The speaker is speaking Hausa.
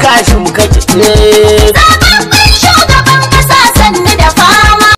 kashi mu kaci eh